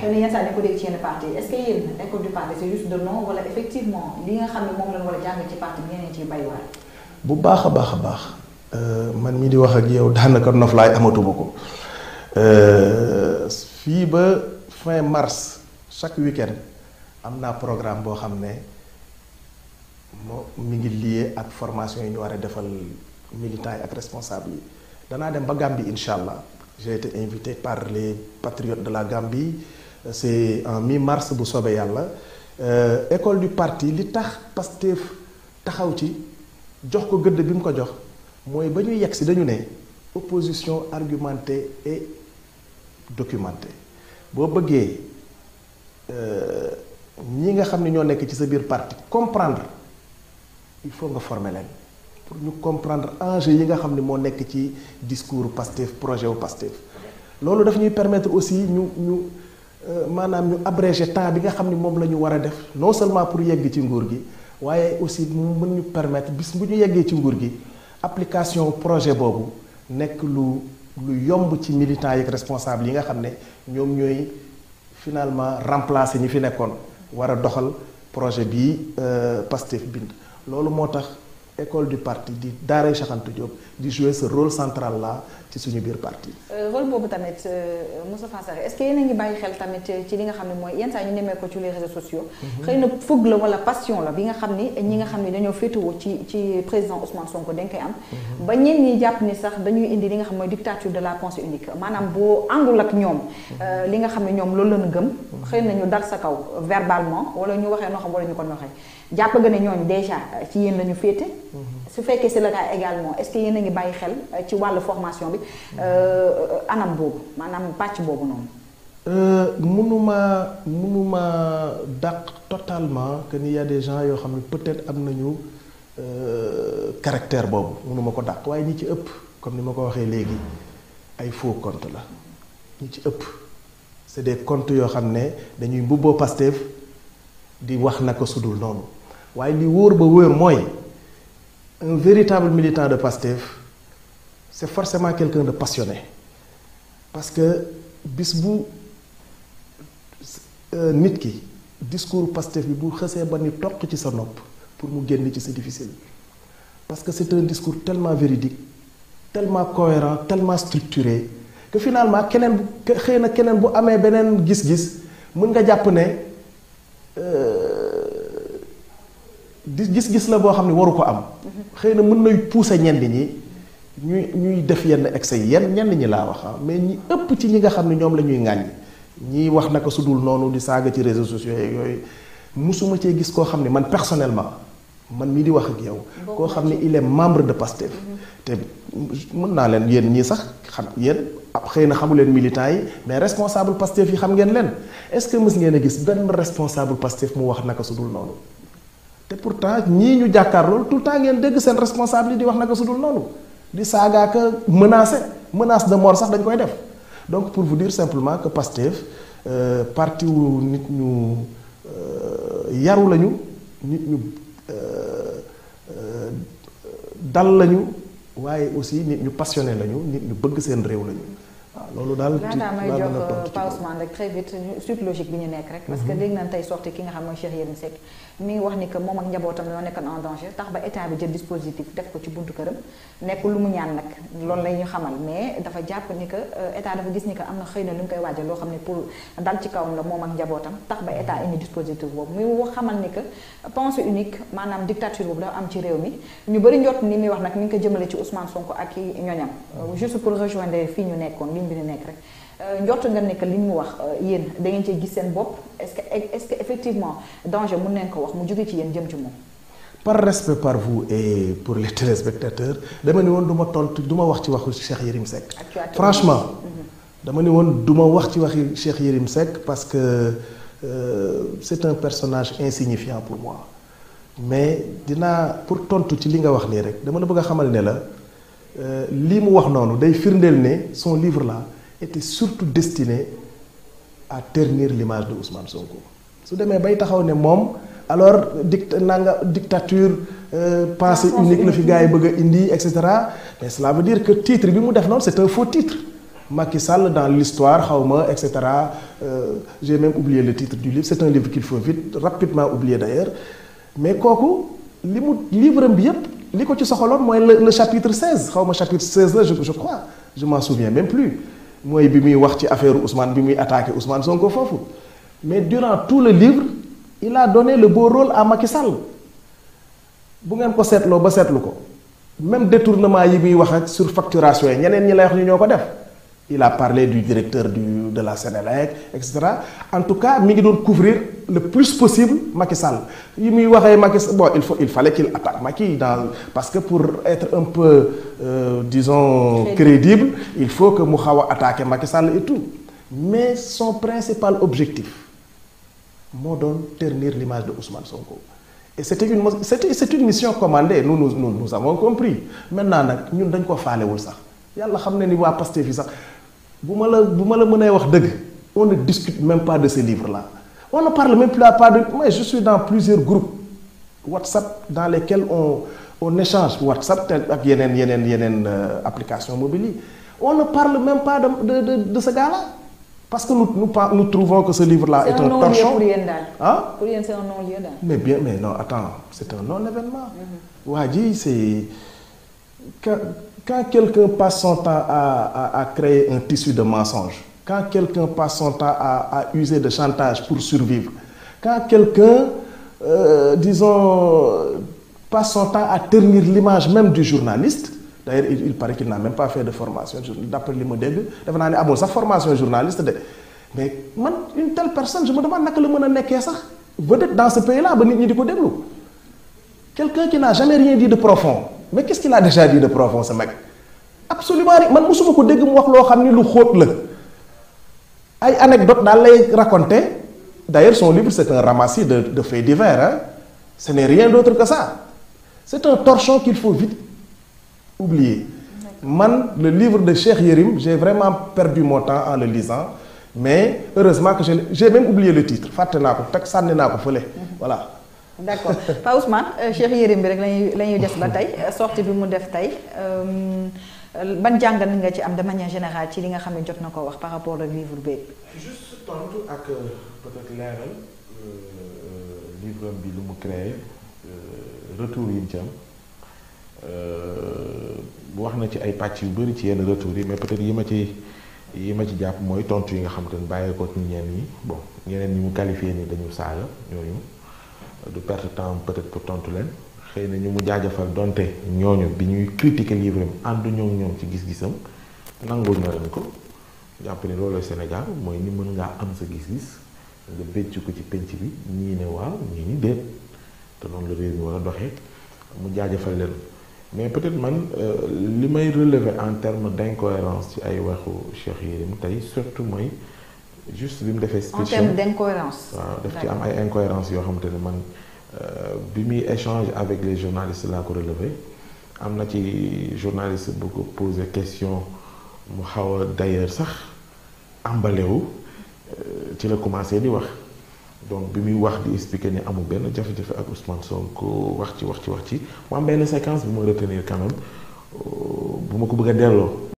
xëy na saa ñu ko ci yenn parti est-ce que yéen école du parti c'est juste de nom wala effectivement li nga xam ne moom lañ war a jàng ci parti bi ñeneen ciy bàyyiwaat. bu baax a baax a baax euh, man mii di wax ak yow daanaka noflaay amatuma ko euh, fii ba fin mars chaque week am naa programme boo xam ne moo mi ngi lii ak formation yi ñu war a defal militants yi ak responsable yi danaa dem ba Gambie incha allah j'ai été invité par les patriotes de la Gambie. c'est en mi mars bu soobee yàlla euh, école du parti li tax Pastef taxaw ci jox ko gëdd bi mu ko jox mooy ba ñuy yegg si dañu ne opposition argumentée et documentée boo bëggee euh, ñi nga xam ne ñoo nekk ci sa biir parti comprendre il faut nga former leen pour ñu comprendre enjeu yi nga xam ne moo nekk ci discours Pastef projet wu Pastef loolu daf ñuy permettre aussi ñu ñu. Euh, maanaam ñu abrégé temps bi nga xam ni moom la ñu war a def non seulement pour yegg ci nguur gi waaye aussi mu mën ñu permettre bis bu ñu yeggee ci nguur gi application projet boobu nekk lu lu yomb ci militants yi ak yi nga xam ne ñoom ñooy finalement remplacer ñi fi nekkoon war a doxal projet bii euh, Pastef bind loolu moo tax école du partie di Daaray Cheikh Anta di jouer sa rôle centrale là ci biir parti. Euh, rôle boobu tamit euh, Moustapha Sarré est-ce que yéen a ngi bàyyi xel tamit ci li nga xam ne mooy yenn saa ñu nemee ko ci les réseaux sociaux. Mhm. xëy na fugg la wala passion la bi nga xam ni ñi nga xam ne dañoo féetewoo ci ci président Ousmane Sonko dañ koy am. Mhm. ba ñenn ñi jàpp ni sax dañuy indi li nga xam mooy dictature de la pensée unique maanaam boo àndul ak ñoom. Mhm. Euh, li nga xam ne ñoom loolu la gëm. xëy nañu ñu dal sa kaw verbalement wala ñu waxee noo xam wala ñu ko noxee jàpp nga ne ñooñ déjà ci yéen la ñu féete. su fekkee c'est le cas également est-ce que yéen a ngi bàyyi xel euh, ci wàllu formation bi euh, euh, anam boobu maanaam pàcc boobu noonu. mënuma mënuma dàq totalement que ni y des gens yoo xam ne peut-être am nañu caractère boobu mënuma ko dàq waaye ñi ci ëpp comme ni ma ko waxee léegi ay faux compte la ñi ci ëpp c'est des comptes yoo xam ne dañuy mbubboo Pastef di wax na ko sudul noonu waaye li wóor ba wóor mooy. un véritable militant de Pastef c'est forcément quelqu'un de passionné parce que bis bu euh, nit ki discours Pastef bi bu xësee ba ni toq ci sa nopp pour mu génn ci c'est difficile parce que c'est un discours tellement véridique tellement cohérent tellement structuré que finalement keneen bu xëy na keneen bu amee beneen gis-gis mën nga jàpp ne. Euh, gis-gis la boo xam ne waru ko am. xëy na mën nay pousser ñenn ñi ñuy ñuy def yenn excès yi yenn ñenn ñi laa wax ah, mais ñi ëpp ci ñi nga xam ne ñoom la ñuy ŋàññi ñii wax naka su dul noonu di saaga ci réseaux sociaux yooyu musuma cee gis koo xam ne man personnellement man mii di wax ak yow. koo xam ne il membre de PASTEF. Mm-hmm. te mën naa leen yéen ñii sax xam yéen xëy na xamu leen militants yi mais responsable PASTEF yi xam ngeen leen est-ce que mës ngeen a gis benn responsable PASTEF mu wax naka su dul te pourtant ñii ñu jàkkaarloo tout le temps ngeen dégg seen responsable yi di wax naka su dul noonu di saagaaka menacé menace de mort sax dañ koy def donc pour vous dire simplement que Pastef euh, parti wu nit ñu euh, yaru lañu nit ñu euh, dal lañu waaye aussi nit ñu passionné lañu nit ñu bëgg seen réew lañu. loolu daal laataa may jox Pa Ousmane rek très vite suite logique bi ñu nekk rek parce que mhm. dégg nañ tey sorti ki nga xam mooy Cheikh Yérim Seck mi wax ni ko euh, na moom ak njabootam tax ba état indi dispositif boobu muy wax xamal ni que pensée unique maanaam dictature boobu dafa am ci réew mi ñu bëri njot ni muy wax nag mi ko jëmale ci Ousmane Sonko ak ñoñam juste pour rejoindre fii ñu nekkoon bi di nekk rek euh, nga nekk li mu wax euh, yéen da ngeen cee gis seen bopp est-ce que est-ce que effectivement danger mu nekk ko wax mu jóge ci yéen jëm ci moom. par respect par vous et pour les téléspectateurs dama ne woon du ma tontu du ma wax ci waxu Cheikh Yérim Seck. franchement. Mm-hmm. dama ne woon du ma wax ci waxi Cheikh Yérim Seck parce que euh, c'est un personnage insignifiant pour moi mais dinaa pour tontu ci li nga wax nii rek dama la bëgg a xamal ne la. Euh, lii mu wax noonu day firndeel ne son livre là était surtout destiné à ternir l'image de Ousmane Sonko su demee bay taxaw ne moom alors dict nanga dictature euh, pensée unique la fi gaa yi bëgg indi et cetera mais cela veut dire que titre bi mu def noonu c'est un faux titre Macky Sall dans l'histoire xaw ma et cetera euh, j'ai même oublié le titre du livre c'est un livre qu'il faut vite rapidement oublier d'ailleurs mais kooku li mu livre bi yépp li ko ci soxaloon mooy le chapitre 16 xaw ma chapitre 16 la je je crois je m'en souviens même plus mooy bi muy wax ci affaire Ousmane bi muy attaqué Ousmane Sonko foofu mais durant tout le livre il a donné le beau rôle à Macky Sall bu ngeen ko seetloo ba seetlu ko même détournement yi muy wax ak surfacturation yi ñeneen ñi lay wax ñu ñoo ko def. il a parlé du directeur du de la Sénélec et cetera en tout cas mi ngi doon couvrir le plus possible Macky Sall yi muy waxee Macky bon il faut il fallait qu'il attaque Macky dans parce que pour être un peu euh, crédible il faut que mu xaw a attaque Macky Sall et tout mais son principal objectif moo doon ternir l'image de Ousmane ko et c'était une c'était c'est une mission commandée nous nous nous, nous avons compris maintenant nag ñun dañ ko faalewul sax yàlla xam ne ni waa Pastef bu ma la bu ma la mën mënee wax dëgg on ne discute même pas de ce livre-là on ne parle même plus pas de moi je suis dans plusieurs groupes WhatsApp dans lesquels on on échange WhatsApp te ak yeneen yeneen yeneen euh, application mobile yi on ne parle même pas de de de de ce gars-là parce que nous nous nous trouvons que ce livre-là est un torchon mais bien mais non attends c'est un non-événement mm-hmm. waa ji c'est quand quelqu'un passe son temps à, à, à créer un tissu de mensonges, quand quelqu'un passe son temps à, use de chantage pour survivre, quand quelqu'un, euh, disons, passe son temps à ternir l'image même du journaliste, d'ailleurs il, il, paraît n'a même pas fait de formation, d'après les modèles, ah bon, sa formation journaliste, mais man, une telle personne, je me demande comment le monde est ça. Vous êtes dans ce pays-là, ben, il y a Quelqu'un qui n'a jamais rien dit de profond, mais qu'est-ce qu'il a déjà dit de profond ce mec absolument man mosuma ko dégg mu wax loo xam ni lu xóot la ay anecdote daal lay raconter d'ailleurs son livre c'est un ramassis de de faits divers hein ce n'est rien d'autre que ça c'est un torchon qu'il faut vite oublier man le livre de Cheikh Yérim j'ai vraiment perdu mon en le lisant mais heureusement que je j'ai même oublié le titre fàtte naa ko teg sànni naa ko fële voilà d' accord Pa Ousmane euh, Cheikh bi rek lañuy la ñuy des ba tey euh, sortie bi mu def tey euh, ban jàngat nga ci am de manière générale ci li nga xam ne jot na ko wax par rapport ak livre bi. juste tontu ak peut-être leeral livre bi lu mu créé retour yi ñu ci am na ci ay pàcc yu bëri ci yenn retour yi mais ma ci yi ma ci jàpp mooy tontu yi nga xam te ne bàyyeekoo ci ñenn ñi bon ñeneen ñi mu qualifié ni dañu saaga ñooñu. du perte temps peut pour tontu leen xëy na ñu mu jaajëfal donte ñooñu bi ñuy critiquer livre am ànduñoo ñoom ci gis-gisam nanguñ na leen ko jàpp ni loolu Sénégal mooy ni mën ngaa am sa gis-gis nga bécc ko ci penc bi ñii ne waaw ñii ni déet te noonu la réew mi war doxee mu jaajëfal leen mais peut-être man euh, li may relever en terme d'incohérence ci ay waxu Cheikh Yérim tey surtout mooy juste bi mu defee. speech en d'incohérence. waaw daf ci am ay incohérence yoo xamante ne man euh, bi muy échange avec les journalistes laa ko am na ci journaliste bu ko posé question mu xaw a d'ailleurs sax emballé wu euh, ci la commencé di wax donc bi muy wax di expliquer ni amul benn jafe-jafe ak Ousmane Sonko wax ci wax ci wax ci mu am benn séquence bu ma retenir quand euh, bu ma ko bëgg a delloo.